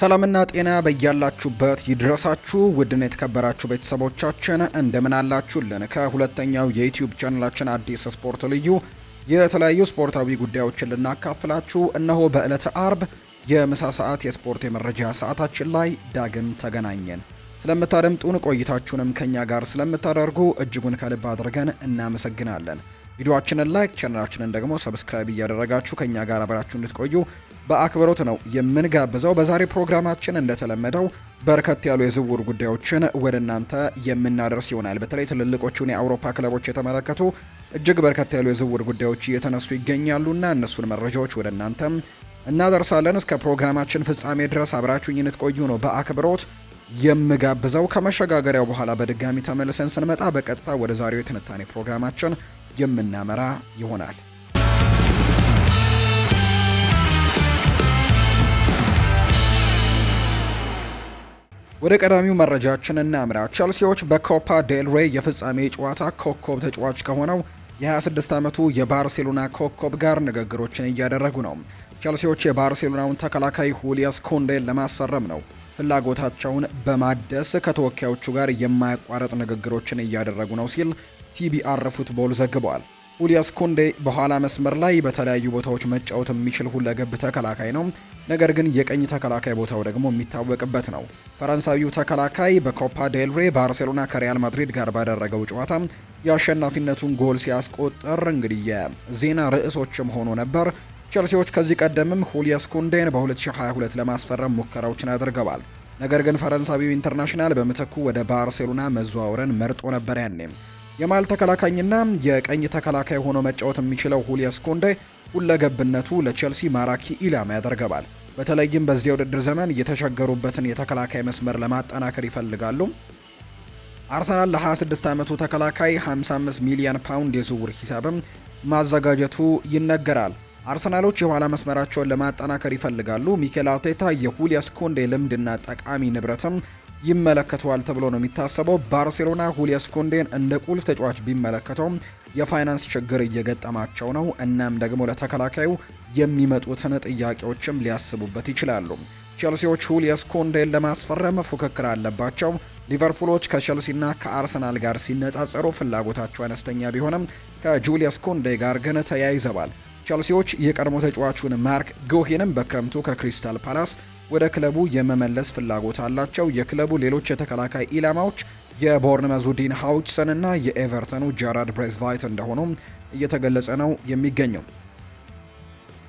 ሰላምና ጤና በያላችሁበት ይድረሳችሁ ውድን የተከበራችሁ ቤተሰቦቻችን እንደምን አላችሁልን? ከሁለተኛው የዩትዩብ ቻናላችን አዲስ ስፖርት ልዩ የተለያዩ ስፖርታዊ ጉዳዮችን ልናካፍላችሁ እነሆ በዕለተ አርብ የምሳ ሰዓት የስፖርት የመረጃ ሰዓታችን ላይ ዳግም ተገናኘን። ስለምታደምጡን ቆይታችሁንም ከኛ ጋር ስለምታደርጉ እጅጉን ከልብ አድርገን እናመሰግናለን። ቪዲዮችንን ላይክ ቻናላችንን ደግሞ ሰብስክራይብ እያደረጋችሁ ከኛ ጋር አብራችሁ እንድትቆዩ በአክብሮት ነው የምንጋብዘው። በዛሬ ፕሮግራማችን እንደተለመደው በርከት ያሉ የዝውውር ጉዳዮችን ወደ እናንተ የምናደርስ ይሆናል። በተለይ ትልልቆቹን የአውሮፓ ክለቦች የተመለከቱ እጅግ በርከት ያሉ የዝውውር ጉዳዮች እየተነሱ ይገኛሉና እነሱን መረጃዎች ወደ እናንተ እናደርሳለን። እስከ ፕሮግራማችን ፍጻሜ ድረስ አብራችሁኝ እንድትቆዩ ነው በአክብሮት የምጋብዘው። ከመሸጋገሪያው በኋላ በድጋሚ ተመልሰን ስንመጣ በቀጥታ ወደ ዛሬው የትንታኔ ፕሮግራማችን የምናመራ ይሆናል። ወደ ቀዳሚው መረጃችን እናምራ። ቸልሲዎች በኮፓ ዴል ሬይ የፍጻሜ ጨዋታ ኮከብ ተጫዋች ከሆነው የ26 ዓመቱ የባርሴሎና ኮከብ ጋር ንግግሮችን እያደረጉ ነው። ቸልሲዎች የባርሴሎናውን ተከላካይ ሁሊያስ ኮንዴን ለማስፈረም ነው ፍላጎታቸውን በማደስ ከተወካዮቹ ጋር የማያቋረጥ ንግግሮችን እያደረጉ ነው ሲል ቲቢአር ፉትቦል ዘግቧል። ሁሊያስ ኩንዴ በኋላ መስመር ላይ በተለያዩ ቦታዎች መጫወት የሚችል ሁለገብ ተከላካይ ነው። ነገር ግን የቀኝ ተከላካይ ቦታው ደግሞ የሚታወቅበት ነው። ፈረንሳዊው ተከላካይ በኮፓ ዴልሬ ባርሴሎና ከሪያል ማድሪድ ጋር ባደረገው ጨዋታ የአሸናፊነቱን ጎል ሲያስቆጠር እንግዲህ የዜና ርዕሶችም ሆኖ ነበር። ቸልሲዎች ከዚህ ቀደምም ሁሊያስ ኩንዴን በ2022 ለማስፈረም ሙከራዎችን አድርገዋል። ነገር ግን ፈረንሳዊው ኢንተርናሽናል በምትኩ ወደ ባርሴሎና መዘዋወርን መርጦ ነበር ያኔም የማል ተከላካኝና የቀኝ ተከላካይ ሆኖ መጫወት የሚችለው ሁሊያስ ኮንዴ ሁለገብነቱ ለቼልሲ ማራኪ ኢላማ ያደርገዋል። በተለይም በዚህ የውድድር ዘመን የተቸገሩበትን የተከላካይ መስመር ለማጠናከር ይፈልጋሉ። አርሰናል ለ26 ዓመቱ ተከላካይ 55 ሚሊዮን ፓውንድ የዝውውር ሂሳብም ማዘጋጀቱ ይነገራል። አርሰናሎች የኋላ መስመራቸውን ለማጠናከር ይፈልጋሉ። ሚኬል አርቴታ የሁሊያስ ኮንዴ ልምድና ጠቃሚ ንብረትም ይመለከተዋል ተብሎ ነው የሚታሰበው። ባርሴሎና ሁሊያስ ኮንዴን እንደ ቁልፍ ተጫዋች ቢመለከተውም የፋይናንስ ችግር እየገጠማቸው ነው። እናም ደግሞ ለተከላካዩ የሚመጡትን ጥያቄዎችም ሊያስቡበት ይችላሉ። ቼልሲዎች ሁሊያስ ኮንዴን ለማስፈረም ፉክክር አለባቸው። ሊቨርፑሎች ከቼልሲና ከአርሰናል ጋር ሲነጻጸሩ ፍላጎታቸው አነስተኛ ቢሆንም ከጁሊያስ ኮንዴ ጋር ግን ተያይዘዋል። ቼልሲዎች የቀድሞ ተጫዋቹን ማርክ ጎሄንም በክረምቱ ከክሪስታል ፓላስ ወደ ክለቡ የመመለስ ፍላጎት አላቸው። የክለቡ ሌሎች የተከላካይ ኢላማዎች የቦርንመዙ ዲን ሃውችሰን እና የኤቨርተኑ ጀራርድ ብሬዝቫይት እንደሆኑም እየተገለጸ ነው የሚገኘው።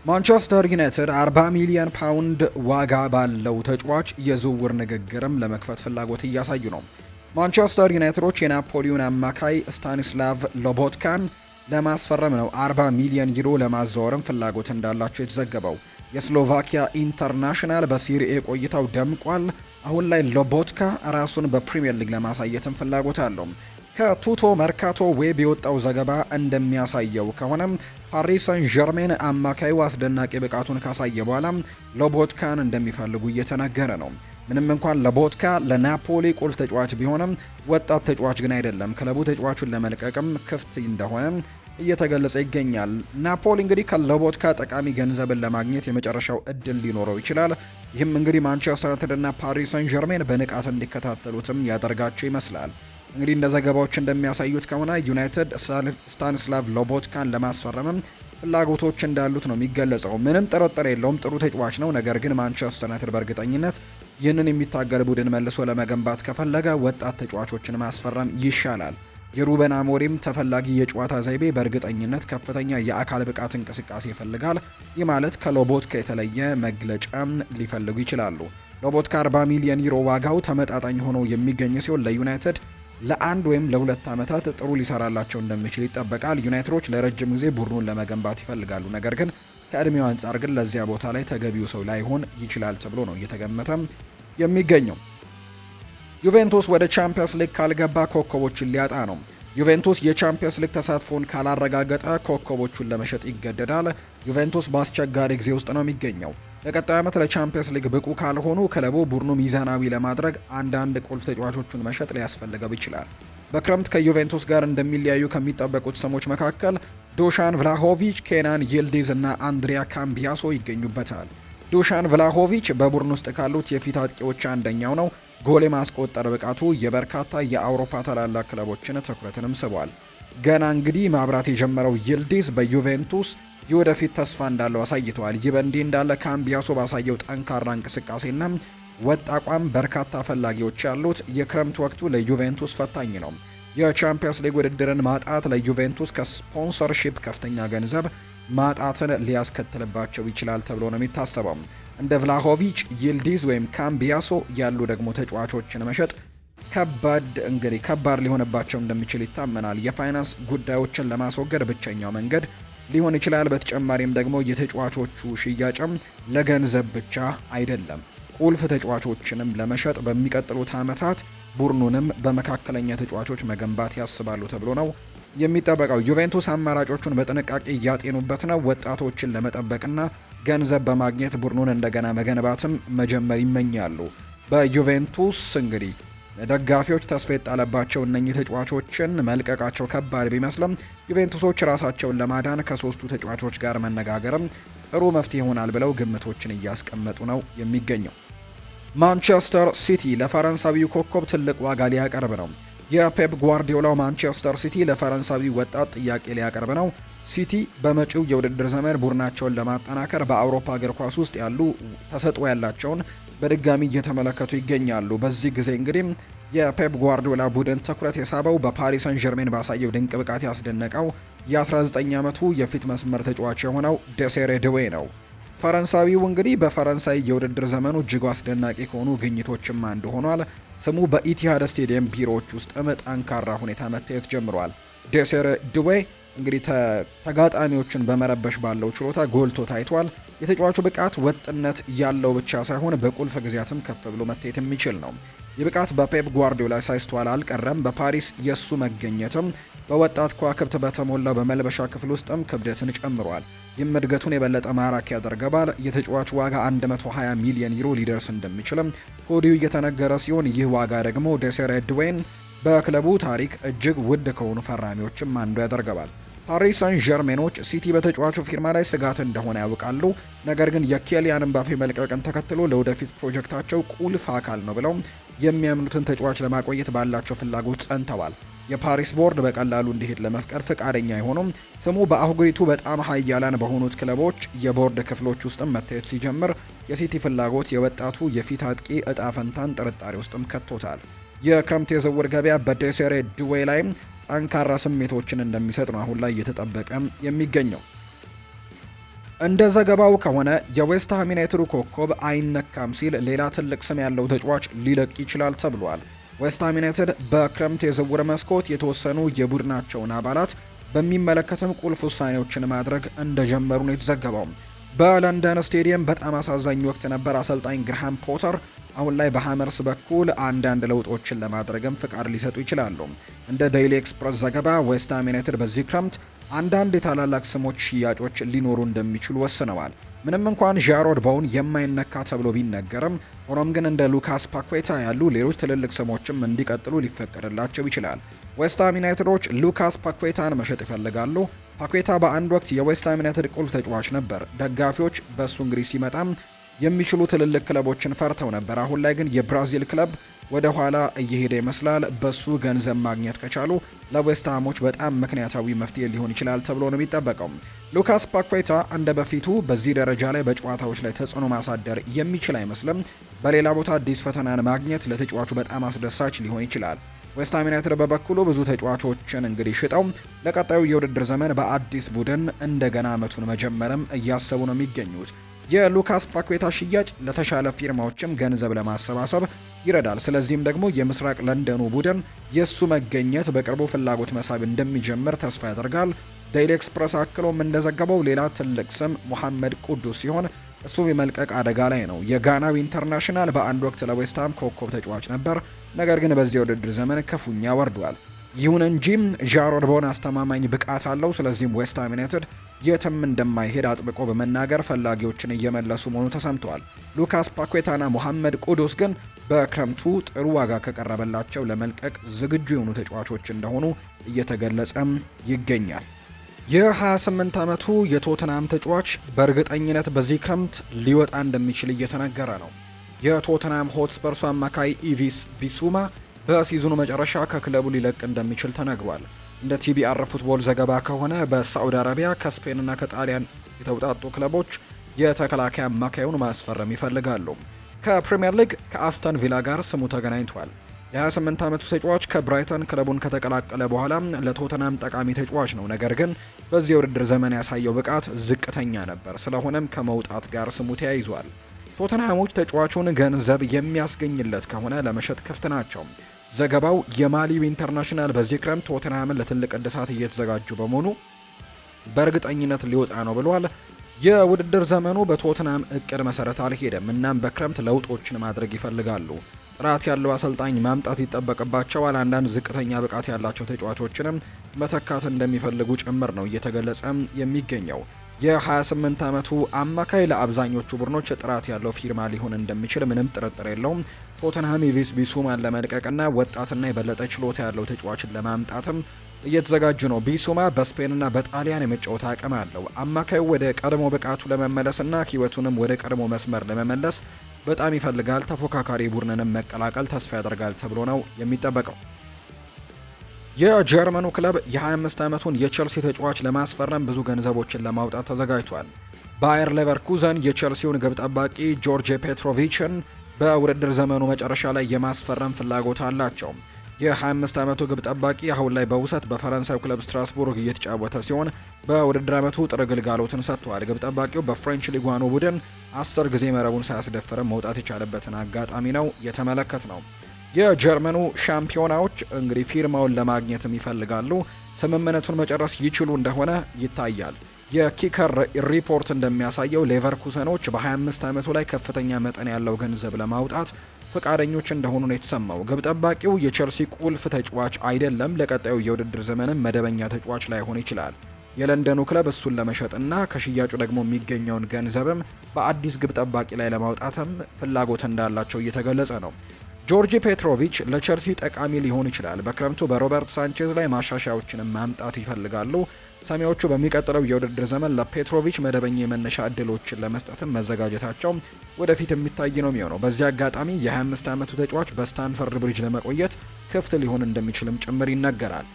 ማንቸስተር ዩናይትድ 40 ሚሊዮን ፓውንድ ዋጋ ባለው ተጫዋች የዝውውር ንግግርም ለመክፈት ፍላጎት እያሳዩ ነው። ማንቸስተር ዩናይትዶች የናፖሊዮን አማካይ ስታኒስላቭ ሎቦትካን ለማስፈረም ነው 40 ሚሊዮን ዩሮ ለማዛወርም ፍላጎት እንዳላቸው የተዘገበው። የስሎቫኪያ ኢንተርናሽናል በሲሪኤ ቆይታው ደምቋል። አሁን ላይ ሎቦትካ ራሱን በፕሪምየር ሊግ ለማሳየትም ፍላጎት አለው። ከቱቶ መርካቶ ዌብ የወጣው ዘገባ እንደሚያሳየው ከሆነ ፓሪስ ሰን ዠርሜን አማካዩ አስደናቂ ብቃቱን ካሳየ በኋላ ሎቦትካን እንደሚፈልጉ እየተነገረ ነው። ምንም እንኳን ለቦትካ ለናፖሊ ቁልፍ ተጫዋች ቢሆንም ወጣት ተጫዋች ግን አይደለም። ክለቡ ተጫዋቹን ለመልቀቅም ክፍት እንደሆነ እየተገለጸ ይገኛል። ናፖሊ እንግዲህ ከሎቦትካ ጠቃሚ ገንዘብን ለማግኘት የመጨረሻው እድል ሊኖረው ይችላል። ይህም እንግዲህ ማንቸስተር ዩናይትድና ፓሪስ ሰን ጀርሜን በንቃት እንዲከታተሉትም ያደርጋቸው ይመስላል። እንግዲህ እንደ ዘገባዎች እንደሚያሳዩት ከሆነ ዩናይትድ ስታኒስላቭ ሎቦትካን ለማስፈረምም ፍላጎቶች እንዳሉት ነው የሚገለጸው። ምንም ጥርጥር የለውም፣ ጥሩ ተጫዋች ነው። ነገር ግን ማንቸስተር ዩናይትድ በእርግጠኝነት ይህንን የሚታገል ቡድን መልሶ ለመገንባት ከፈለገ ወጣት ተጫዋቾችን ማስፈረም ይሻላል። የሩበን አሞሪም ተፈላጊ የጨዋታ ዘይቤ በእርግጠኝነት ከፍተኛ የአካል ብቃት እንቅስቃሴ ይፈልጋል። ይህ ማለት ከሎቦትካ የተለየ መግለጫ ሊፈልጉ ይችላሉ። ሎቦትካ 40 ሚሊዮን ዩሮ ዋጋው ተመጣጣኝ ሆኖ የሚገኝ ሲሆን ለዩናይትድ ለአንድ ወይም ለሁለት ዓመታት ጥሩ ሊሰራላቸው እንደሚችል ይጠበቃል። ዩናይትዶች ለረጅም ጊዜ ቡድኑን ለመገንባት ይፈልጋሉ፣ ነገር ግን ከእድሜው አንጻር ግን ለዚያ ቦታ ላይ ተገቢው ሰው ላይሆን ይችላል ተብሎ ነው እየተገመተ የሚገኘው። ዩቬንቱስ ወደ ቻምፒየንስ ሊግ ካልገባ ኮከቦችን ሊያጣ ነው። ዩቬንቱስ የቻምፒየንስ ሊግ ተሳትፎን ካላረጋገጠ ኮከቦቹን ለመሸጥ ይገደዳል። ዩቬንቱስ በአስቸጋሪ ጊዜ ውስጥ ነው የሚገኘው። ለቀጣይ ዓመት ለቻምፒየንስ ሊግ ብቁ ካልሆኑ ክለቡ ቡድኑ ሚዛናዊ ለማድረግ አንዳንድ ቁልፍ ተጫዋቾቹን መሸጥ ሊያስፈልገው ይችላል። በክረምት ከዩቬንቱስ ጋር እንደሚለያዩ ከሚጠበቁት ስሞች መካከል ዶሻን ቭላሆቪች፣ ኬናን ይልዲዝ እና አንድሪያ ካምቢያሶ ይገኙበታል። ዶሻን ቭላሆቪች በቡድን ውስጥ ካሉት የፊት አጥቂዎች አንደኛው ነው። ጎል የማስቆጠር ብቃቱ የበርካታ የአውሮፓ ታላላቅ ክለቦችን ትኩረትንም ስቧል። ገና እንግዲህ ማብራት የጀመረው ይልዲዝ በዩቬንቱስ የወደፊት ተስፋ እንዳለው አሳይተዋል። ይህ በእንዲህ እንዳለ ካምቢያሶ ባሳየው ጠንካራ እንቅስቃሴና ወጥ አቋም በርካታ ፈላጊዎች ያሉት የክረምት ወቅቱ ለዩቬንቱስ ፈታኝ ነው። የቻምፒየንስ ሊግ ውድድርን ማጣት ለዩቬንቱስ ከስፖንሰርሺፕ ከፍተኛ ገንዘብ ማጣትን ሊያስከትልባቸው ይችላል ተብሎ ነው የሚታሰበው። እንደ ቭላሆቪች፣ ይልዲዝ ወይም ካምቢያሶ ያሉ ደግሞ ተጫዋቾችን መሸጥ ከባድ እንግዲህ ከባድ ሊሆንባቸው እንደሚችል ይታመናል። የፋይናንስ ጉዳዮችን ለማስወገድ ብቸኛው መንገድ ሊሆን ይችላል። በተጨማሪም ደግሞ የተጫዋቾቹ ሽያጭም ለገንዘብ ብቻ አይደለም። ቁልፍ ተጫዋቾችንም ለመሸጥ በሚቀጥሉት ዓመታት ቡድኑንም በመካከለኛ ተጫዋቾች መገንባት ያስባሉ ተብሎ ነው የሚጠበቀው። ዩቬንቱስ አማራጮቹን በጥንቃቄ እያጤኑበት ነው። ወጣቶችን ለመጠበቅና ገንዘብ በማግኘት ቡድኑን እንደገና መገንባትም መጀመር ይመኛሉ። በዩቬንቱስ እንግዲህ ደጋፊዎች ተስፋ የጣለባቸው እነኚህ ተጫዋቾችን መልቀቃቸው ከባድ ቢመስልም ዩቬንቱሶች ራሳቸውን ለማዳን ከሶስቱ ተጫዋቾች ጋር መነጋገርም ጥሩ መፍትሄ ይሆናል ብለው ግምቶችን እያስቀመጡ ነው የሚገኘው። ማንቸስተር ሲቲ ለፈረንሳዊው ኮከብ ትልቅ ዋጋ ሊያቀርብ ነው። የፔፕ ጓርዲዮላው ማንቸስተር ሲቲ ለፈረንሳዊ ወጣት ጥያቄ ሊያቀርብ ነው። ሲቲ በመጪው የውድድር ዘመን ቡድናቸውን ለማጠናከር በአውሮፓ እግር ኳስ ውስጥ ያሉ ተሰጥኦ ያላቸውን በድጋሚ እየተመለከቱ ይገኛሉ። በዚህ ጊዜ እንግዲህ የፔፕ ጓርዲዮላ ቡድን ትኩረት የሳበው በፓሪስ ሰን ጀርሜን ባሳየው ድንቅ ብቃት ያስደነቀው የ19 ዓመቱ የፊት መስመር ተጫዋች የሆነው ደሴሬ ድዌ ነው። ፈረንሳዊው እንግዲህ በፈረንሳይ የውድድር ዘመኑ እጅግ አስደናቂ ከሆኑ ግኝቶችም አንዱ ሆኗል። ስሙ በኢቲሃድ ስቴዲየም ቢሮዎች ውስጥም ጠንካራ ሁኔታ መታየት ጀምሯል። ደሴሬ ድዌ እንግዲህ ተጋጣሚዎችን በመረበሽ ባለው ችሎታ ጎልቶ ታይቷል። የተጫዋቹ ብቃት ወጥነት ያለው ብቻ ሳይሆን በቁልፍ ጊዜያትም ከፍ ብሎ መታየት የሚችል ነው። የብቃት በፔፕ ጓርዲዮላ ሳይስተዋል አልቀረም። በፓሪስ የሱ መገኘትም በወጣት ከዋክብት በተሞላው በመልበሻ ክፍል ውስጥም ክብደትን ጨምሯል። ይህም እድገቱን የበለጠ ማራኪ ያደርገባል። የተጫዋቹ ዋጋ 120 ሚሊዮን ዩሮ ሊደርስ እንደሚችልም ከወዲሁ እየተነገረ ሲሆን ይህ ዋጋ ደግሞ ደሴሬ ድዌይን በክለቡ ታሪክ እጅግ ውድ ከሆኑ ፈራሚዎችም አንዱ ያደርገዋል። ፓሪስ ሳን ዠርሜኖች ሲቲ በተጫዋቹ ፊርማ ላይ ስጋት እንደሆነ ያውቃሉ፣ ነገር ግን የኬሊያን ምባፔ መልቀቅን ተከትሎ ለወደፊት ፕሮጀክታቸው ቁልፍ አካል ነው ብለው የሚያምኑትን ተጫዋች ለማቆየት ባላቸው ፍላጎት ጸንተዋል። የፓሪስ ቦርድ በቀላሉ እንዲሄድ ለመፍቀድ ፈቃደኛ አይሆኑም። ስሙ በአህጉሪቱ በጣም ሀያላን በሆኑት ክለቦች የቦርድ ክፍሎች ውስጥም መታየት ሲጀምር የሲቲ ፍላጎት የወጣቱ የፊት አጥቂ እጣ ፈንታን ጥርጣሬ ውስጥም ከቶታል። የክረምት የዝውውር ገበያ በዴሴሬ ድዌ ላይም ጠንካራ ስሜቶችን እንደሚሰጥ ነው አሁን ላይ እየተጠበቀ የሚገኘው። እንደ ዘገባው ከሆነ የዌስትሃም ዩናይትዱ ኮከብ አይነካም ሲል ሌላ ትልቅ ስም ያለው ተጫዋች ሊለቅ ይችላል ተብሏል። ዌስትሃም ዩናይትድ በክረምት የዝውውር መስኮት የተወሰኑ የቡድናቸውን አባላት በሚመለከትም ቁልፍ ውሳኔዎችን ማድረግ እንደጀመሩ ነው የተዘገበው። በለንደን ስቴዲየም በጣም አሳዛኝ ወቅት ነበር። አሰልጣኝ ግርሃም ፖተር አሁን ላይ በሀመርስ በኩል አንዳንድ ለውጦችን ለማድረግም ፍቃድ ሊሰጡ ይችላሉ። እንደ ዴይሊ ኤክስፕረስ ዘገባ ዌስትሃም ዩናይትድ በዚህ ክረምት አንዳንድ የታላላቅ ስሞች ሽያጮች ሊኖሩ እንደሚችሉ ወስነዋል። ምንም እንኳን ዣሮድ ቦውን የማይነካ ተብሎ ቢነገርም ሆኖም ግን እንደ ሉካስ ፓኩዌታ ያሉ ሌሎች ትልልቅ ስሞችም እንዲቀጥሉ ሊፈቀድላቸው ይችላል። ዌስትሃም ዩናይትዶች ሉካስ ፓኩዌታን መሸጥ ይፈልጋሉ። ፓኩዌታ በአንድ ወቅት የዌስትሃም ዩናይትድ ቁልፍ ተጫዋች ነበር። ደጋፊዎች በእሱ እንግዲህ ሲመጣም የሚችሉ ትልልቅ ክለቦችን ፈርተው ነበር። አሁን ላይ ግን የብራዚል ክለብ ወደ ኋላ እየሄደ ይመስላል። በሱ ገንዘብ ማግኘት ከቻሉ ለዌስትሃሞች በጣም ምክንያታዊ መፍትሄ ሊሆን ይችላል ተብሎ ነው የሚጠበቀው። ሉካስ ፓኩዌታ እንደ በፊቱ በዚህ ደረጃ ላይ በጨዋታዎች ላይ ተጽዕኖ ማሳደር የሚችል አይመስልም። በሌላ ቦታ አዲስ ፈተናን ማግኘት ለተጫዋቹ በጣም አስደሳች ሊሆን ይችላል። ዌስትሃም ዩናይትድ በበኩሉ ብዙ ተጫዋቾችን እንግዲህ ሽጠው ለቀጣዩ የውድድር ዘመን በአዲስ ቡድን እንደገና ዓመቱን መጀመርም እያሰቡ ነው የሚገኙት። የሉካስ ፓኩዌታ ሽያጭ ለተሻለ ፊርማዎችም ገንዘብ ለማሰባሰብ ይረዳል። ስለዚህም ደግሞ የምስራቅ ለንደኑ ቡድን የእሱ መገኘት በቅርቡ ፍላጎት መሳብ እንደሚጀምር ተስፋ ያደርጋል። ዴይሊ ኤክስፕረስ አክሎም እንደዘገበው ሌላ ትልቅ ስም ሙሐመድ ቁዱስ ሲሆን እሱ የመልቀቅ አደጋ ላይ ነው። የጋናዊ ኢንተርናሽናል በአንድ ወቅት ለዌስትሃም ኮከብ ተጫዋች ነበር፣ ነገር ግን በዚህ የውድድር ዘመን ክፉኛ ወርዷል። ይሁን እንጂ ዣሮድ ቦን አስተማማኝ ብቃት አለው። ስለዚህም ዌስትሃም ዩናይትድ የትም እንደማይሄድ አጥብቆ በመናገር ፈላጊዎችን እየመለሱ መሆኑ ተሰምተዋል። ሉካስ ፓኩዌታና ሞሐመድ ቁዱስ ግን በክረምቱ ጥሩ ዋጋ ከቀረበላቸው ለመልቀቅ ዝግጁ የሆኑ ተጫዋቾች እንደሆኑ እየተገለጸም ይገኛል። የ28 ዓመቱ የቶትናም ተጫዋች በእርግጠኝነት በዚህ ክረምት ሊወጣ እንደሚችል እየተነገረ ነው። የቶትናም ሆትስፐርሱ አማካይ ኢቪስ ቢሱማ በሲዝኑ መጨረሻ ከክለቡ ሊለቅ እንደሚችል ተነግሯል። እንደ ቲቢአር ፉትቦል ዘገባ ከሆነ በሳዑዲ አረቢያ ከስፔንና ከጣሊያን የተውጣጡ ክለቦች የተከላካይ አማካዩን ማስፈረም ይፈልጋሉ። ከፕሪምየር ሊግ ከአስተን ቪላ ጋር ስሙ ተገናኝቷል። የ28 ዓመቱ ተጫዋች ከብራይተን ክለቡን ከተቀላቀለ በኋላ ለቶተናም ጠቃሚ ተጫዋች ነው። ነገር ግን በዚህ የውድድር ዘመን ያሳየው ብቃት ዝቅተኛ ነበር። ስለሆነም ከመውጣት ጋር ስሙ ተያይዟል። ቶተንሃሞች ተጫዋቹን ገንዘብ የሚያስገኝለት ከሆነ ለመሸጥ ክፍት ናቸው። ዘገባው የማሊው ኢንተርናሽናል በዚህ ክረምት ቶተንሃምን ለትልቅ እድሳት እየተዘጋጁ በመሆኑ በእርግጠኝነት ሊወጣ ነው ብሏል። የውድድር ዘመኑ በቶትናም እቅድ መሰረት አልሄደም። እናም በክረምት ለውጦችን ማድረግ ይፈልጋሉ። ጥራት ያለው አሰልጣኝ ማምጣት ይጠበቅባቸዋል። አንዳንድ ዝቅተኛ ብቃት ያላቸው ተጫዋቾችንም መተካት እንደሚፈልጉ ጭምር ነው እየተገለጸ የሚገኘው። የ28 ዓመቱ አማካይ ለአብዛኞቹ ቡድኖች ጥራት ያለው ፊርማ ሊሆን እንደሚችል ምንም ጥርጥር የለውም። ቶተንሃም የቪስ ቢሱማን ለመልቀቅና ወጣትና የበለጠ ችሎታ ያለው ተጫዋችን ለማምጣትም እየተዘጋጁ ነው። ቢሱማ በስፔንና በጣሊያን የመጫወት አቅም አለው። አማካዩ ወደ ቀድሞ ብቃቱ ለመመለስና ህይወቱንም ወደ ቀድሞ መስመር ለመመለስ በጣም ይፈልጋል። ተፎካካሪ ቡድንንም መቀላቀል ተስፋ ያደርጋል ተብሎ ነው የሚጠበቀው። የጀርመኑ ክለብ የ25 ዓመቱን የቼልሲ ተጫዋች ለማስፈረም ብዙ ገንዘቦችን ለማውጣት ተዘጋጅቷል። ባየር ሌቨርኩዘን የቼልሲውን ግብ ጠባቂ ጆርጅ ፔትሮቪችን በውድድር ዘመኑ መጨረሻ ላይ የማስፈረም ፍላጎት አላቸው። የ25 ዓመቱ ግብ ጠባቂ አሁን ላይ በውሰት በፈረንሳይ ክለብ ስትራስቡርግ እየተጫወተ ሲሆን በውድድር ዓመቱ ጥር ግልጋሎትን ሰጥቷል። ግብ ጠባቂው በፍሬንች ሊጓኑ ቡድን አስር ጊዜ መረቡን ሳያስደፍርም መውጣት የቻለበትን አጋጣሚ ነው የተመለከት ነው። የጀርመኑ ሻምፒዮናዎች እንግዲህ ፊርማውን ለማግኘትም ይፈልጋሉ። ስምምነቱን መጨረስ ይችሉ እንደሆነ ይታያል። የኪከር ሪፖርት እንደሚያሳየው ሌቨርኩሰኖች በ25 ዓመቱ ላይ ከፍተኛ መጠን ያለው ገንዘብ ለማውጣት ፈቃደኞች እንደሆኑ ነው የተሰማው። ግብ ጠባቂው የቼልሲ ቁልፍ ተጫዋች አይደለም፣ ለቀጣዩ የውድድር ዘመንም መደበኛ ተጫዋች ላይሆን ይችላል። የለንደኑ ክለብ እሱን ለመሸጥና ከሽያጩ ደግሞ የሚገኘውን ገንዘብም በአዲስ ግብ ጠባቂ ላይ ለማውጣትም ፍላጎት እንዳላቸው እየተገለጸ ነው። ጆርጂ ፔትሮቪች ለቸልሲ ጠቃሚ ሊሆን ይችላል። በክረምቱ በሮበርት ሳንቼዝ ላይ ማሻሻያዎችንም ማምጣት ይፈልጋሉ። ሰሚዎቹ በሚቀጥለው የውድድር ዘመን ለፔትሮቪች መደበኛ የመነሻ እድሎችን ለመስጠትም መዘጋጀታቸው ወደፊት የሚታይ ነው የሚሆነው። በዚህ አጋጣሚ የ25 ዓመቱ ተጫዋች በስታንፈርድ ብሪጅ ለመቆየት ክፍት ሊሆን እንደሚችልም ጭምር ይነገራል።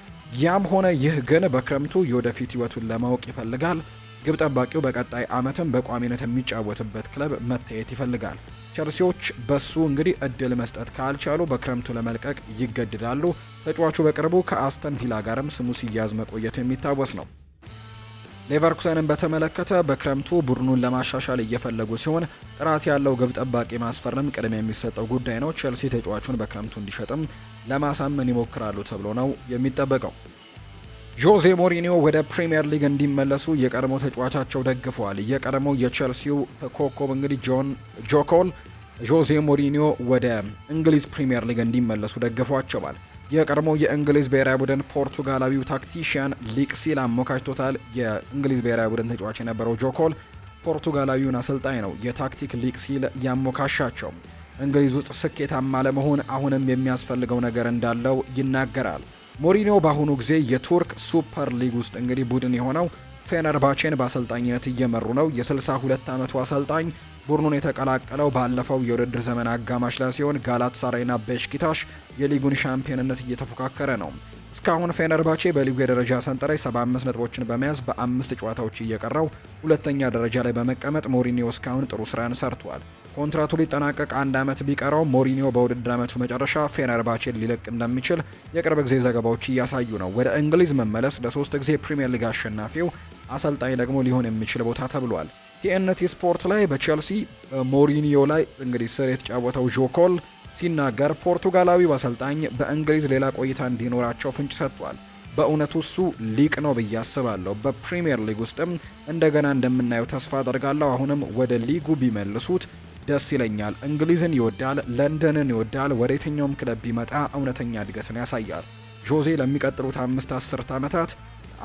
ያም ሆነ ይህ ግን በክረምቱ የወደፊት ህይወቱን ለማወቅ ይፈልጋል። ግብ ጠባቂው በቀጣይ ዓመትም በቋሚነት የሚጫወትበት ክለብ መታየት ይፈልጋል። ቸልሲዎች በሱ እንግዲህ እድል መስጠት ካልቻሉ በክረምቱ ለመልቀቅ ይገድዳሉ። ተጫዋቹ በቅርቡ ከአስተን ቪላ ጋርም ስሙ ሲያዝ መቆየቱ የሚታወስ ነው። ሌቨርኩሰንን በተመለከተ በክረምቱ ቡድኑን ለማሻሻል እየፈለጉ ሲሆን ጥራት ያለው ግብ ጠባቂ ማስፈረም ቅድሚያ የሚሰጠው ጉዳይ ነው። ቸልሲ ተጫዋቹን በክረምቱ እንዲሸጥም ለማሳመን ይሞክራሉ ተብሎ ነው የሚጠበቀው። ጆዜ ሞሪኒዮ ወደ ፕሪምየር ሊግ እንዲመለሱ የቀድሞ ተጫዋቻቸው ደግፈዋል። የቀድሞ የቼልሲው ኮከብ እንግዲህ ጆን ጆኮል ጆዜ ሞሪኒዮ ወደ እንግሊዝ ፕሪምየር ሊግ እንዲመለሱ ደግፏቸዋል። የቀድሞ የእንግሊዝ ብሔራዊ ቡድን ፖርቱጋላዊው ታክቲሽያን ሊቅ ሲል አሞካሽቶታል። የእንግሊዝ ብሔራዊ ቡድን ተጫዋች የነበረው ጆኮል ፖርቱጋላዊውን አሰልጣኝ ነው የታክቲክ ሊቅ ሲል ያሞካሻቸው። እንግሊዝ ውስጥ ስኬታማ ለመሆን አሁንም የሚያስፈልገው ነገር እንዳለው ይናገራል። ሞሪኒዮ በአሁኑ ጊዜ የቱርክ ሱፐር ሊግ ውስጥ እንግዲህ ቡድን የሆነው ፌነርባቼን በአሰልጣኝነት እየመሩ ነው። የ62 ዓመቱ አሰልጣኝ ቡድኑን የተቀላቀለው ባለፈው የውድድር ዘመን አጋማሽ ላይ ሲሆን ጋላት ሳራይና በሽኪታሽ የሊጉን ሻምፒዮንነት እየተፎካከረ ነው። እስካሁን ፌነርባቼ በሊጉ የደረጃ ሰንጠረዥ 75 ነጥቦችን በመያዝ በአምስት ጨዋታዎች እየቀረው ሁለተኛ ደረጃ ላይ በመቀመጥ ሞሪኒዮ እስካሁን ጥሩ ስራን ሰርቷል። ኮንትራቱ ሊጠናቀቅ አንድ ዓመት ቢቀረው ሞሪኒዮ በውድድር ዓመቱ መጨረሻ ፌነርባቼን ሊለቅ እንደሚችል የቅርብ ጊዜ ዘገባዎች እያሳዩ ነው። ወደ እንግሊዝ መመለስ ለሶስት ጊዜ ፕሪምየር ሊግ አሸናፊው አሰልጣኝ ደግሞ ሊሆን የሚችል ቦታ ተብሏል። ቲኤንቲ ስፖርት ላይ በቼልሲ ሞሪኒዮ ላይ እንግዲህ ስር የተጫወተው ዦኮል ሲናገር ፖርቱጋላዊ አሰልጣኝ በእንግሊዝ ሌላ ቆይታ እንዲኖራቸው ፍንጭ ሰጥቷል። በእውነቱ እሱ ሊቅ ነው ብዬ አስባለሁ። በፕሪምየር ሊግ ውስጥም እንደገና እንደምናየው ተስፋ አደርጋለሁ። አሁንም ወደ ሊጉ ቢመልሱት ደስ ይለኛል። እንግሊዝን ይወዳል፣ ለንደንን ይወዳል። ወደ የትኛውም ክለብ ቢመጣ እውነተኛ እድገትን ያሳያል። ጆዜ ለሚቀጥሉት አምስት አስርት ዓመታት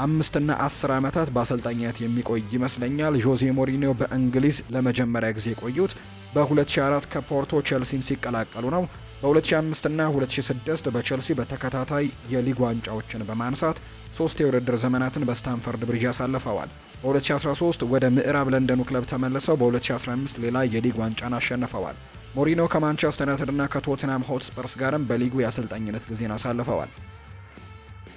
አምስትና አስር ዓመታት በአሰልጣኝነት የሚቆይ ይመስለኛል። ጆዜ ሞሪኒዮ በእንግሊዝ ለመጀመሪያ ጊዜ የቆዩት በ2004 ከፖርቶ ቼልሲን ሲቀላቀሉ ነው። በ2005 እና 2006 በቼልሲ በተከታታይ የሊግ ዋንጫዎችን በማንሳት ሶስት የውድድር ዘመናትን በስታንፈርድ ብሪጅ አሳልፈዋል። በ2013 ወደ ምዕራብ ለንደኑ ክለብ ተመልሰው በ2015 ሌላ የሊግ ዋንጫን አሸንፈዋል። ሞሪኖ ከማንቸስተር ዩናይትድ እና ከቶትናም ሆትስፐርስ ጋርም በሊጉ የአሰልጣኝነት ጊዜን አሳልፈዋል።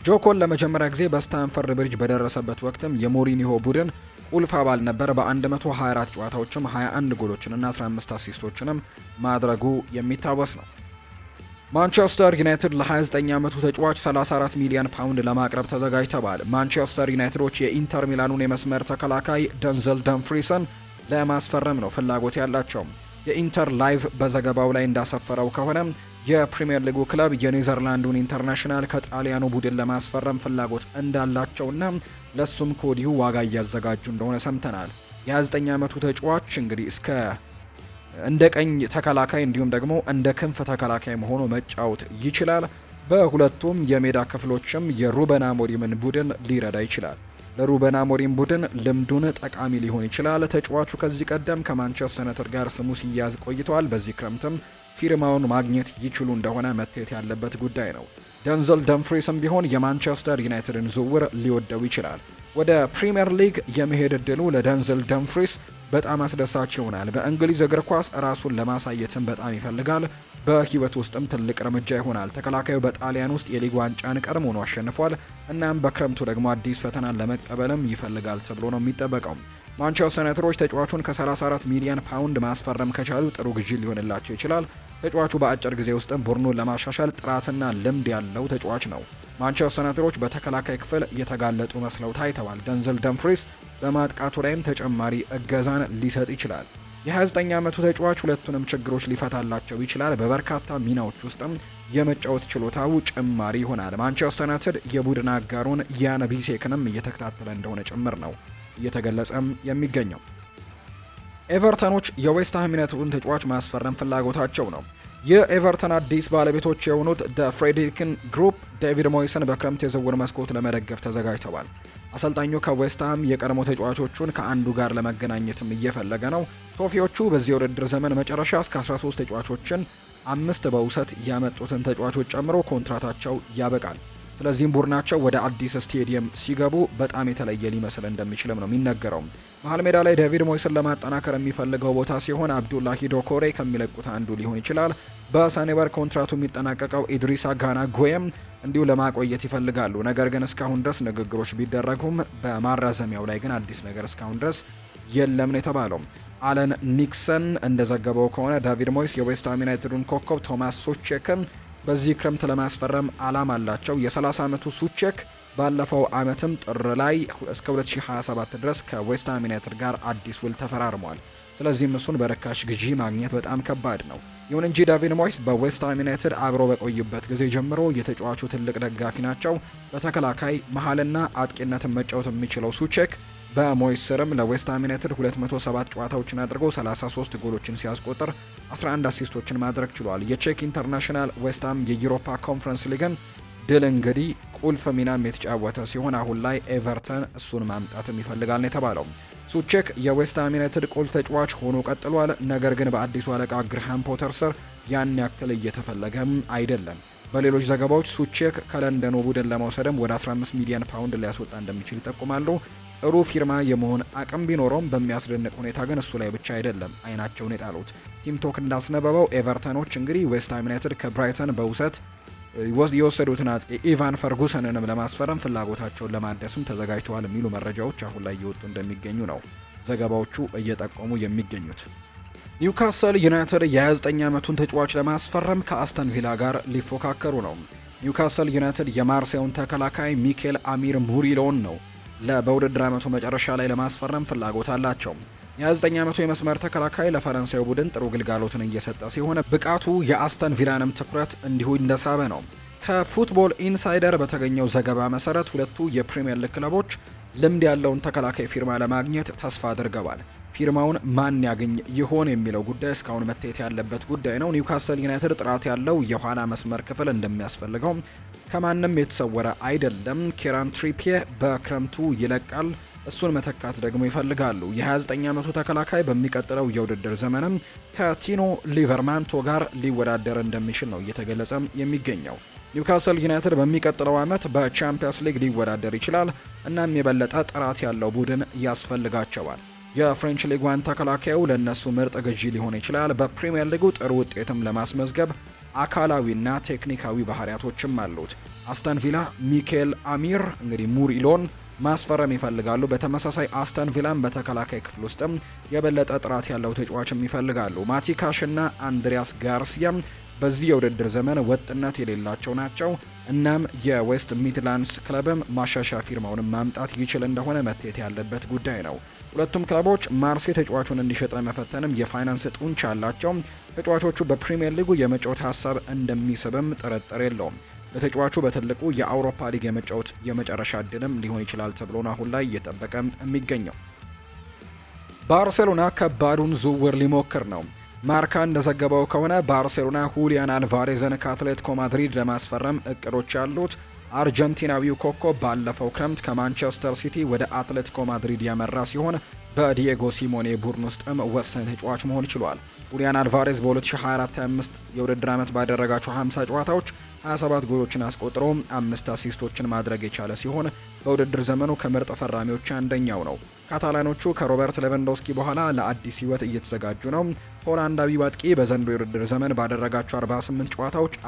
ጆኮን ለመጀመሪያ ጊዜ በስታንፈርድ ብሪጅ በደረሰበት ወቅትም የሞሪኒሆ ቡድን ቁልፍ አባል ነበር። በ124 ጨዋታዎችም 21 ጎሎችንና 15 አሲስቶችንም ማድረጉ የሚታወስ ነው። ማንቸስተር ዩናይትድ ለ29 ዓመቱ ተጫዋች 34 ሚሊዮን ፓውንድ ለማቅረብ ተዘጋጅተዋል። ማንቸስተር ዩናይትዶች የኢንተር ሚላኑን የመስመር ተከላካይ ደንዘል ደንፍሪሰን ለማስፈረም ነው ፍላጎት ያላቸው። የኢንተር ላይቭ በዘገባው ላይ እንዳሰፈረው ከሆነ የፕሪምየር ሊጉ ክለብ የኔዘርላንዱን ኢንተርናሽናል ከጣሊያኑ ቡድን ለማስፈረም ፍላጎት እንዳላቸውና ለሱም ከወዲሁ ዋጋ እያዘጋጁ እንደሆነ ሰምተናል። የ29 ዓመቱ ተጫዋች እንግዲህ እስከ እንደ ቀኝ ተከላካይ እንዲሁም ደግሞ እንደ ክንፍ ተከላካይ መሆኑ መጫወት ይችላል። በሁለቱም የሜዳ ክፍሎችም የሩበን አሞሪምን ቡድን ሊረዳ ይችላል። ለሩበን አሞሪም ቡድን ልምዱን ጠቃሚ ሊሆን ይችላል። ተጫዋቹ ከዚህ ቀደም ከማንቸስተር ዩናይትድ ጋር ስሙ ሲያዝ ቆይተዋል። በዚህ ክረምትም ፊርማውን ማግኘት ይችሉ እንደሆነ መታየት ያለበት ጉዳይ ነው። ደንዘል ደምፍሪስም ቢሆን የማንቸስተር ዩናይትድን ዝውውር ሊወደው ይችላል። ወደ ፕሪምየር ሊግ የመሄድ እድሉ ለደንዘል ደምፍሪስ በጣም አስደሳች ይሆናል። በእንግሊዝ እግር ኳስ ራሱን ለማሳየትም በጣም ይፈልጋል። በህይወት ውስጥም ትልቅ እርምጃ ይሆናል። ተከላካዩ በጣሊያን ውስጥ የሊግ ዋንጫን ቀድሞ ነው አሸንፏል። እናም በክረምቱ ደግሞ አዲስ ፈተናን ለመቀበልም ይፈልጋል ተብሎ ነው የሚጠበቀው። ማንቸስተር ዩናይትዶች ተጫዋቹን ከ34 ሚሊዮን ፓውንድ ማስፈረም ከቻሉ ጥሩ ግዢ ሊሆንላቸው ይችላል። ተጫዋቹ በአጭር ጊዜ ውስጥም ቡድኑን ለማሻሻል ጥራትና ልምድ ያለው ተጫዋች ነው። ማንቸስተር ዩናይትዶች በተከላካይ ክፍል እየተጋለጡ መስለው ታይተዋል። ደንዘል ደምፍሪስ በማጥቃቱ ላይም ተጨማሪ እገዛን ሊሰጥ ይችላል። የ29 ዓመቱ ተጫዋች ሁለቱንም ችግሮች ሊፈታላቸው ይችላል። በበርካታ ሚናዎች ውስጥም የመጫወት ችሎታው ጭማሪ ይሆናል። ማንቸስተር ዩናይትድ የቡድን አጋሩን ያን ቢሴክንም እየተከታተለ እንደሆነ ጭምር ነው እየተገለጸም የሚገኘው። ኤቨርተኖች የዌስትሃም ዩናይትድን ተጫዋች ማስፈረም ፍላጎታቸው ነው። የኤቨርተን አዲስ ባለቤቶች የሆኑት ደ ፍሬድሪክን ግሩፕ ዴቪድ ሞይስን በክረምት የዝውውር መስኮት ለመደገፍ ተዘጋጅተዋል። አሰልጣኙ ከዌስትሃም የቀድሞ ተጫዋቾቹን ከአንዱ ጋር ለመገናኘትም እየፈለገ ነው። ቶፊዎቹ በዚህ የውድድር ዘመን መጨረሻ እስከ 13 ተጫዋቾችን አምስት በውሰት ያመጡትን ተጫዋቾች ጨምሮ ኮንትራታቸው ያበቃል። ስለዚህም ቡድናቸው ወደ አዲስ ስቴዲየም ሲገቡ በጣም የተለየ ሊመስል እንደሚችልም ነው የሚነገረው። መሀል ሜዳ ላይ ዴቪድ ሞይስን ለማጠናከር የሚፈልገው ቦታ ሲሆን አብዱላሂ ዶኮሬ ከሚለቁት አንዱ ሊሆን ይችላል። በሰኔ ወር ኮንትራቱ የሚጠናቀቀው ኢድሪሳ ጋና ጎየም እንዲሁ ለማቆየት ይፈልጋሉ። ነገር ግን እስካሁን ድረስ ንግግሮች ቢደረጉም በማራዘሚያው ላይ ግን አዲስ ነገር እስካሁን ድረስ የለም ነው የተባለው። አለን ኒክሰን እንደዘገበው ከሆነ ዳቪድ ሞይስ የዌስትሃም ዩናይትዱን ኮከብ ቶማስ ሶቼክን በዚህ ክረምት ለማስፈረም አላማ አላቸው። የ30 ዓመቱ ሱቼክ ባለፈው ዓመትም ጥር ላይ እስከ 2027 ድረስ ከዌስትሃም ዩናይትድ ጋር አዲስ ውል ተፈራርሟል። ስለዚህም እሱን በርካሽ ግዢ ማግኘት በጣም ከባድ ነው። ይሁን እንጂ ዳቪድ ሞይስ በዌስትሃም ዩናይትድ አብሮ በቆይበት ጊዜ ጀምሮ የተጫዋቹ ትልቅ ደጋፊ ናቸው። በተከላካይ መሀልና አጥቂነትን መጫወት የሚችለው ሱቼክ በሞይስ ስርም ለዌስትሃም ዩናይትድ 207 ጨዋታዎችን አድርጎ 33 ጎሎችን ሲያስቆጥር 11 አሲስቶችን ማድረግ ችሏል። የቼክ ኢንተርናሽናል ዌስትሃም የዩሮፓ ኮንፈረንስ ሊግን ድል እንግዲህ ቁልፍ ሚናም የተጫወተ ሲሆን አሁን ላይ ኤቨርተን እሱን ማምጣትም ይፈልጋል ነው የተባለው። ሱቼክ የዌስትሃም ዩናይትድ ቁልፍ ተጫዋች ሆኖ ቀጥሏል። ነገር ግን በአዲሱ አለቃ ግርሃም ፖተር ስር ያን ያክል እየተፈለገም አይደለም። በሌሎች ዘገባዎች ሱቼክ ከለንደኑ ቡድን ለመውሰድም ወደ 15 ሚሊዮን ፓውንድ ሊያስወጣ እንደሚችል ይጠቁማሉ። ጥሩ ፊርማ የመሆን አቅም ቢኖረውም በሚያስደንቅ ሁኔታ ግን እሱ ላይ ብቻ አይደለም አይናቸውን የጣሉት። ቲምቶክ እንዳስነበበው ኤቨርተኖች እንግዲህ ዌስትሃም ዩናይትድ ከብራይተን በውሰት የወሰዱትን አጥቂ ኢቫን ፈርጉሰንንም ለማስፈረም ፍላጎታቸውን ለማደስም ተዘጋጅተዋል የሚሉ መረጃዎች አሁን ላይ እየወጡ እንደሚገኙ ነው ዘገባዎቹ እየጠቆሙ የሚገኙት። ኒውካስል ዩናይትድ የ29 ዓመቱን ተጫዋች ለማስፈረም ከአስተን ቪላ ጋር ሊፎካከሩ ነው። ኒውካስል ዩናይትድ የማርሴውን ተከላካይ ሚኬል አሚር ሙሪሎን ነው በውድድር ዓመቱ መጨረሻ ላይ ለማስፈረም ፍላጎት አላቸው። የ29 ዓመቱ የመስመር ተከላካይ ለፈረንሳይ ቡድን ጥሩ ግልጋሎትን እየሰጠ ሲሆን ብቃቱ የአስተን ቪላንም ትኩረት እንዲሁ እንደሳበ ነው። ከፉትቦል ኢንሳይደር በተገኘው ዘገባ መሰረት ሁለቱ የፕሪምየር ሊግ ክለቦች ልምድ ያለውን ተከላካይ ፊርማ ለማግኘት ተስፋ አድርገዋል። ፊርማውን ማን ያገኝ ይሆን የሚለው ጉዳይ እስካሁን መታየት ያለበት ጉዳይ ነው። ኒውካስል ዩናይትድ ጥራት ያለው የኋላ መስመር ክፍል እንደሚያስፈልገው ከማንም የተሰወረ አይደለም። ኬራን ትሪፒየ በክረምቱ ይለቃል። እሱን መተካት ደግሞ ይፈልጋሉ። የ29 ዓመቱ ተከላካይ በሚቀጥለው የውድድር ዘመንም ከቲኖ ሊቨርማንቶ ጋር ሊወዳደር እንደሚችል ነው እየተገለጸ የሚገኘው። ኒውካስል ዩናይትድ በሚቀጥለው ዓመት በቻምፒየንስ ሊግ ሊወዳደር ይችላል። እናም የበለጠ ጥራት ያለው ቡድን ያስፈልጋቸዋል። የፍሬንች ሊግ ተከላካዩ ለእነሱ ምርጥ ግዢ ሊሆን ይችላል። በፕሪምየር ሊጉ ጥሩ ውጤትም ለማስመዝገብ አካላዊና ቴክኒካዊ ባህሪያቶችም አሉት። አስተን ቪላ ሚኬል አሚር እንግዲህ ሙሪሎን ማስፈረም ይፈልጋሉ። በተመሳሳይ አስተን ቪላን በተከላካይ ክፍል ውስጥም የበለጠ ጥራት ያለው ተጫዋችም ይፈልጋሉ። ማቲካሽና አንድሪያስ ጋርሲያም በዚህ የውድድር ዘመን ወጥነት የሌላቸው ናቸው። እናም የዌስት ሚድላንድስ ክለብም ማሻሻያ ፊርማውንም ማምጣት ይችል እንደሆነ መታየት ያለበት ጉዳይ ነው። ሁለቱም ክለቦች ማርሴ ተጫዋቹን እንዲሸጥ ለመፈተንም የፋይናንስ ጡንቻ አላቸው። ተጫዋቾቹ በፕሪምየር ሊጉ የመጫወት ሀሳብ እንደሚስብም ጥርጥር የለውም። ለተጫዋቹ በትልቁ የአውሮፓ ሊግ የመጫወት የመጨረሻ እድልም ሊሆን ይችላል ተብሎ አሁን ላይ እየጠበቀ የሚገኘው። ባርሴሎና ከባዱን ዝውውር ሊሞክር ነው። ማርካ እንደዘገበው ከሆነ ባርሴሎና ሁሊያን አልቫሬዝን ከአትሌቲኮ ማድሪድ ለማስፈረም እቅዶች ያሉት አርጀንቲናዊው ኮከብ ባለፈው ክረምት ከማንቸስተር ሲቲ ወደ አትሌቲኮ ማድሪድ ያመራ ሲሆን በዲየጎ ሲሞኔ ቡድን ውስጥም ወሳኝ ተጫዋች መሆን ችሏል። ሁሊያን አልቫሬዝ በ2024/25 የውድድር ዓመት ባደረጋቸው 50 ጨዋታዎች 27 ጎሎችን አስቆጥሮ አምስት አሲስቶችን ማድረግ የቻለ ሲሆን በውድድር ዘመኑ ከምርጥ ፈራሚዎች አንደኛው ነው። ካታላኖቹ ከሮበርት ሌቫንዶስኪ በኋላ ለአዲስ ሕይወት እየተዘጋጁ ነው። ሆላንዳዊ አጥቂ በዘንድሮው የውድድር ዘመን ባደረጋቸው 48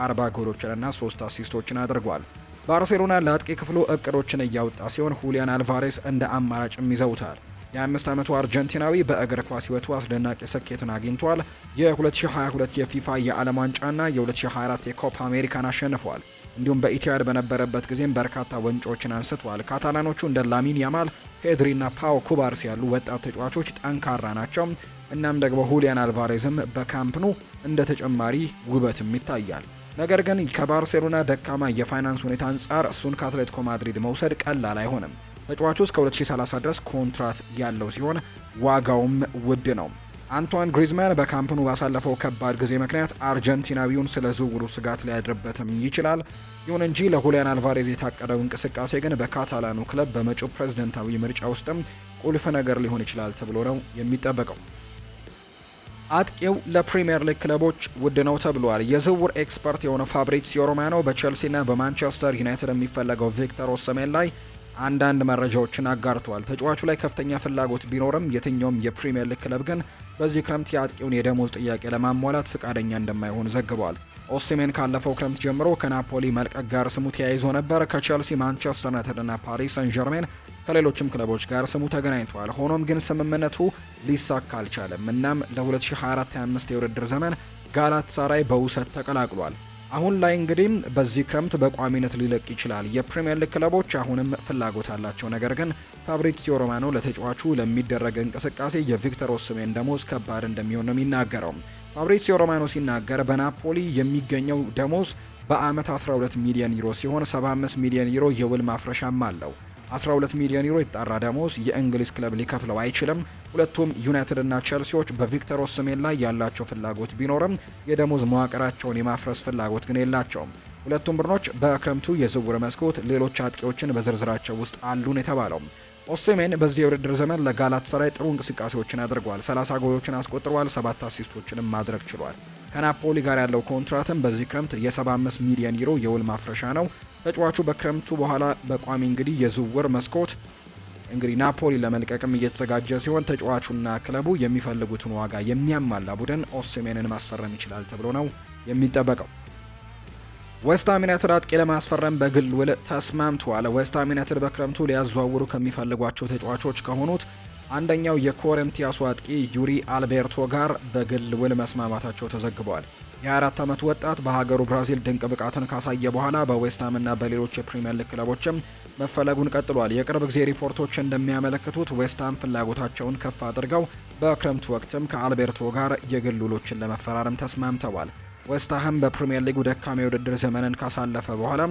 40 ጎሎችንና 3 አሲስቶችን አድርጓል። ባርሴሎና ለአጥቂ ክፍሉ እቅዶችን እያወጣ ሲሆን ሁሊያን አልቫሬስ እንደ አማራጭም ይዘውታል። የአምስት ዓመቱ አርጀንቲናዊ በእግር ኳስ ህይወቱ አስደናቂ ስኬትን አግኝቷል። የ2022 የፊፋ የዓለም ዋንጫና የ2024 የኮፓ አሜሪካን አሸንፏል። እንዲሁም በኢትያድ በነበረበት ጊዜም በርካታ ዋንጫዎችን አንስቷል። ካታላኖቹ እንደ ላሚን ያማል፣ ፔድሪና ፓው ኩባርስ ያሉ ወጣት ተጫዋቾች ጠንካራ ናቸው። እናም ደግሞ ሁሊያን አልቫሬዝም በካምፕኑ እንደ ተጨማሪ ውበትም ይታያል። ነገር ግን ከባርሴሎና ደካማ የፋይናንስ ሁኔታ አንጻር እሱን ከአትሌቲኮ ማድሪድ መውሰድ ቀላል አይሆንም። ተጫዋቹ እስከ 2030 ድረስ ኮንትራት ያለው ሲሆን ዋጋውም ውድ ነው። አንቷን ግሪዝማን በካምፕኑ ባሳለፈው ከባድ ጊዜ ምክንያት አርጀንቲናዊውን ስለ ዝውውሩ ስጋት ሊያድርበትም ይችላል። ይሁን እንጂ ለሁሊያን አልቫሬዝ የታቀደው እንቅስቃሴ ግን በካታላኑ ክለብ በመጪው ፕሬዝደንታዊ ምርጫ ውስጥም ቁልፍ ነገር ሊሆን ይችላል ተብሎ ነው የሚጠበቀው። አጥቂው ለፕሪምየር ሊግ ክለቦች ውድ ነው ተብሏል። የዝውውር ኤክስፐርት የሆነው ፋብሪሲዮ ሮማኖ በቼልሲና በማንቸስተር ዩናይትድ የሚፈለገው ቪክተር ኦሰሜን ላይ አንዳንድ መረጃዎችን አጋርቷል። ተጫዋቹ ላይ ከፍተኛ ፍላጎት ቢኖርም የትኛውም የፕሪምየር ሊግ ክለብ ግን በዚህ ክረምት የአጥቂውን የደሞዝ ጥያቄ ለማሟላት ፍቃደኛ እንደማይሆን ዘግቧል። ኦሲሜን ካለፈው ክረምት ጀምሮ ከናፖሊ መልቀቅ ጋር ስሙ ተያይዞ ነበር። ከቼልሲ፣ ማንቸስተር ዩናይትድና ፓሪስ ሰን ጀርሜን ከሌሎችም ክለቦች ጋር ስሙ ተገናኝቷል። ሆኖም ግን ስምምነቱ ሊሳካ አልቻለም። እናም ለ2024/25 የውድድር ዘመን ጋላት ሳራይ በውሰት ተቀላቅሏል። አሁን ላይ እንግዲህ በዚህ ክረምት በቋሚነት ሊለቅ ይችላል። የፕሪምየር ሊግ ክለቦች አሁንም ፍላጎት አላቸው። ነገር ግን ፋብሪዚዮ ሮማኖ ለተጫዋቹ ለሚደረግ እንቅስቃሴ የቪክተር ኦስሜን ደሞዝ ከባድ እንደሚሆን ነው የሚናገረው። ፋብሪሲዮ ሮማኖ ሲናገር በናፖሊ የሚገኘው ደሞዝ በአመት 12 ሚሊዮን ዩሮ ሲሆን 75 ሚሊዮን ዩሮ የውል ማፍረሻም አለው። 12 ሚሊዮን ዩሮ የጣራ ደሞዝ የእንግሊዝ ክለብ ሊከፍለው አይችልም። ሁለቱም ዩናይትድ እና ቸልሲዎች በቪክተር ኦስሜን ላይ ያላቸው ፍላጎት ቢኖርም የደሞዝ መዋቅራቸውን የማፍረስ ፍላጎት ግን የላቸውም። ሁለቱም ቡድኖች በክረምቱ የዝውውር መስኮት ሌሎች አጥቂዎችን በዝርዝራቸው ውስጥ አሉን የተባለው ኦሴሜን በዚህ የውድድር ዘመን ለጋላት ሰራይ ጥሩ እንቅስቃሴዎችን አድርጓል። 30 ጎሎችን አስቆጥሯል፣ 7 አሲስቶችንም ማድረግ ችሏል። ከናፖሊ ጋር ያለው ኮንትራትም በዚህ ክረምት የ75 ሚሊዮን ዩሮ የውል ማፍረሻ ነው። ተጫዋቹ በክረምቱ በኋላ በቋሚ እንግዲህ የዝውውር መስኮት እንግዲህ ናፖሊ ለመልቀቅም እየተዘጋጀ ሲሆን ተጫዋቹና ክለቡ የሚፈልጉትን ዋጋ የሚያሟላ ቡድን ኦሴሜንን ማስፈረም ይችላል ተብሎ ነው የሚጠበቀው። ዌስትሃም ዩናይትድ አጥቂ ለማስፈረም በግል ውል ተስማምቷል ዌስትሃም ዩናይትድ በክረምቱ ሊያዘዋውሩ ከሚፈልጓቸው ተጫዋቾች ከሆኑት አንደኛው የኮረንቲያሱ አጥቂ ዩሪ አልቤርቶ ጋር በግል ውል መስማማታቸው ተዘግቧል። የአራት ዓመት ወጣት በሀገሩ ብራዚል ድንቅ ብቃትን ካሳየ በኋላ በዌስትሃምና በሌሎች የፕሪምየር ሊግ ክለቦችም መፈለጉን ቀጥሏል። የቅርብ ጊዜ ሪፖርቶች እንደሚያመለክቱት ዌስትሃም ፍላጎታቸውን ከፍ አድርገው በክረምት ወቅትም ከአልቤርቶ ጋር የግል ውሎችን ለመፈራረም ተስማምተዋል። ዌስትሃም በፕሪምየር ሊጉ ደካማ የውድድር ዘመንን ካሳለፈ በኋላ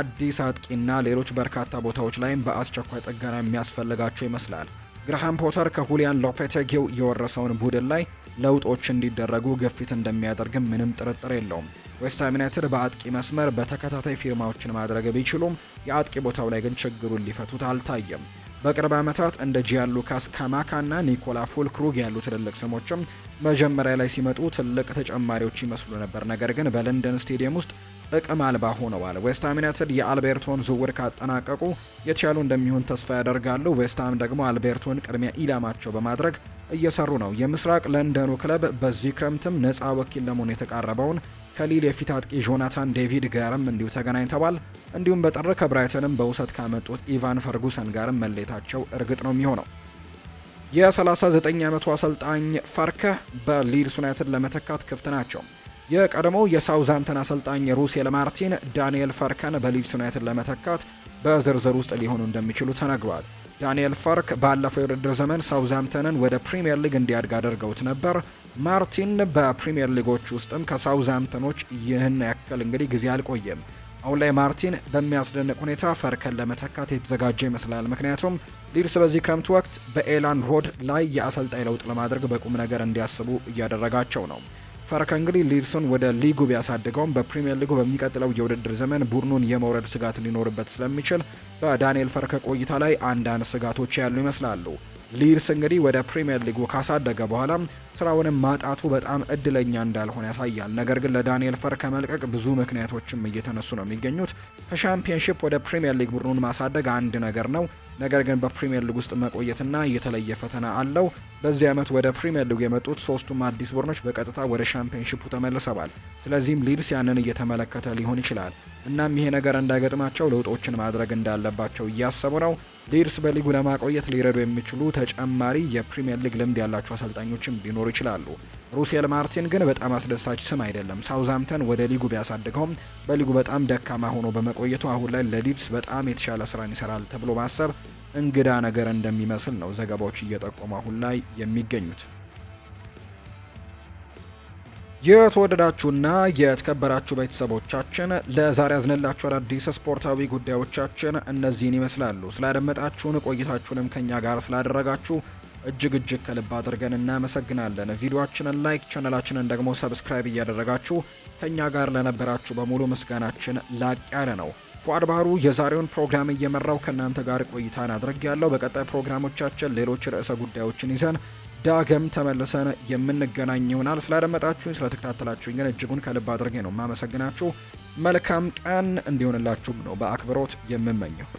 አዲስ አጥቂና ሌሎች በርካታ ቦታዎች ላይም በአስቸኳይ ጥገና የሚያስፈልጋቸው ይመስላል። ግራሃም ፖተር ከሁሊያን ሎፔቴጊው የወረሰውን ቡድን ላይ ለውጦች እንዲደረጉ ግፊት እንደሚያደርግም ምንም ጥርጥር የለውም። ዌስትሃም ዩናይትድ በአጥቂ መስመር በተከታታይ ፊርማዎችን ማድረግ ቢችሉም የአጥቂ ቦታው ላይ ግን ችግሩን ሊፈቱት አልታየም። በቅርብ ዓመታት እንደ ጂያሉካስ ካማካ እና ኒኮላ ፉልክሩግ ያሉ ትልልቅ ስሞችም መጀመሪያ ላይ ሲመጡ ትልቅ ተጨማሪዎች ይመስሉ ነበር፣ ነገር ግን በለንደን ስቴዲየም ውስጥ ጥቅም አልባ ሆነዋል። ዌስትሃም ዩናይትድ የአልቤርቶን ዝውውር ካጠናቀቁ የተሻሉ እንደሚሆን ተስፋ ያደርጋሉ። ዌስትሃም ደግሞ አልቤርቶን ቅድሚያ ኢላማቸው በማድረግ እየሰሩ ነው። የምስራቅ ለንደኑ ክለብ በዚህ ክረምትም ነፃ ወኪል ለመሆን የተቃረበውን ከሊል የፊት አጥቂ ጆናታን ዴቪድ ጋርም እንዲሁ ተገናኝተዋል። እንዲሁም በጥር ከብራይተንም በውሰት ካመጡት ኢቫን ፈርጉሰን ጋርም መለየታቸው እርግጥ ነው የሚሆነው። የ39 ዓመቱ አሰልጣኝ ፋርከህ በሊድስ ዩናይትድ ለመተካት ክፍት ናቸው። የቀድሞው የሳውዛምተን አሰልጣኝ ሩሴል ማርቲን ዳንኤል ፋርከን በሊድስ ዩናይትድ ለመተካት በዝርዝር ውስጥ ሊሆኑ እንደሚችሉ ተነግሯል። ዳንኤል ፋርክ ባለፈው የውድድር ዘመን ሳውዛምተንን ወደ ፕሪምየር ሊግ እንዲያድግ አድርገውት ነበር። ማርቲን በፕሪምየር ሊጎች ውስጥም ከሳውዛምተኖች ይህን ያክል እንግዲህ ጊዜ አልቆየም። አሁን ላይ ማርቲን በሚያስደንቅ ሁኔታ ፈርከን ለመተካት የተዘጋጀ ይመስላል። ምክንያቱም ሊድስ በዚህ ክረምት ወቅት በኤላን ሮድ ላይ የአሰልጣኝ ለውጥ ለማድረግ በቁም ነገር እንዲያስቡ እያደረጋቸው ነው። ፈርከ እንግዲህ ሊድስን ወደ ሊጉ ቢያሳድገውም በፕሪምየር ሊጉ በሚቀጥለው የውድድር ዘመን ቡድኑን የመውረድ ስጋት ሊኖርበት ስለሚችል በዳንኤል ፈርከ ቆይታ ላይ አንዳንድ ስጋቶች ያሉ ይመስላሉ። ሊድስ እንግዲህ ወደ ፕሪምየር ሊጉ ካሳደገ በኋላ ስራውንም ማጣቱ በጣም እድለኛ እንዳልሆነ ያሳያል። ነገር ግን ለዳንኤል ፈር ከመልቀቅ ብዙ ምክንያቶችም እየተነሱ ነው የሚገኙት። ከሻምፒየንሺፕ ወደ ፕሪምየር ሊግ ቡድኑን ማሳደግ አንድ ነገር ነው። ነገር ግን በፕሪምየር ሊግ ውስጥ መቆየትና እየተለየ ፈተና አለው። በዚህ ዓመት ወደ ፕሪምየር ሊጉ የመጡት ሶስቱም አዲስ ቡድኖች በቀጥታ ወደ ሻምፒየንሺፑ ተመልሰዋል። ስለዚህም ሊድስ ያንን እየተመለከተ ሊሆን ይችላል። እናም ይሄ ነገር እንዳይገጥማቸው ለውጦችን ማድረግ እንዳለባቸው እያሰቡ ነው። ሊድስ በሊጉ ለማቆየት ሊረዱ የሚችሉ ተጨማሪ የፕሪምየር ሊግ ልምድ ያላቸው አሰልጣኞችም ሊኖሩ ይችላሉ። ሩሴል ማርቲን ግን በጣም አስደሳች ስም አይደለም። ሳውዛምተን ወደ ሊጉ ቢያሳድገውም በሊጉ በጣም ደካማ ሆኖ በመቆየቱ አሁን ላይ ለሊድስ በጣም የተሻለ ስራን ይሰራል ተብሎ ማሰብ እንግዳ ነገር እንደሚመስል ነው ዘገባዎች እየጠቆሙ አሁን ላይ የሚገኙት። የተወደዳችሁና የተከበራችሁ ቤተሰቦቻችን ለዛሬ ያዝንላችሁ አዳዲስ ስፖርታዊ ጉዳዮቻችን እነዚህን ይመስላሉ። ስላደመጣችሁን ቆይታችሁንም ከኛ ጋር ስላደረጋችሁ እጅግ እጅግ ከልብ አድርገን እናመሰግናለን። ቪዲዮችንን ላይክ፣ ቻነላችንን ደግሞ ሰብስክራይብ እያደረጋችሁ ከኛ ጋር ለነበራችሁ በሙሉ ምስጋናችን ላቅ ያለ ነው። ፏድ ባህሩ የዛሬውን ፕሮግራም እየመራው ከእናንተ ጋር ቆይታን አድርግ ያለው። በቀጣይ ፕሮግራሞቻችን ሌሎች ርዕሰ ጉዳዮችን ይዘን ዳግም ተመልሰን የምንገናኝ ይሆናል። ስላደመጣችሁኝ፣ ስለተከታተላችሁኝ ግን እጅጉን ከልብ አድርጌ ነው የማመሰግናችሁ። መልካም ቀን እንዲሆንላችሁም ነው በአክብሮት የምመኘው።